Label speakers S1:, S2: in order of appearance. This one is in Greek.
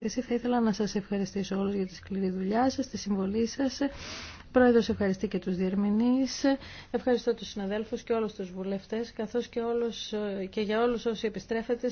S1: Εσύ θα ήθελα να σας ευχαριστήσω όλους για τη σκληρή δουλειά σας, τη συμβολή σας. Πρόεδρος ευχαριστεί και τους διερμηνείς. Ευχαριστώ τους συναδέλφους και όλους τους βουλευτές, καθώς και, όλους,
S2: ε, και για όλους όσοι επιστρέφετε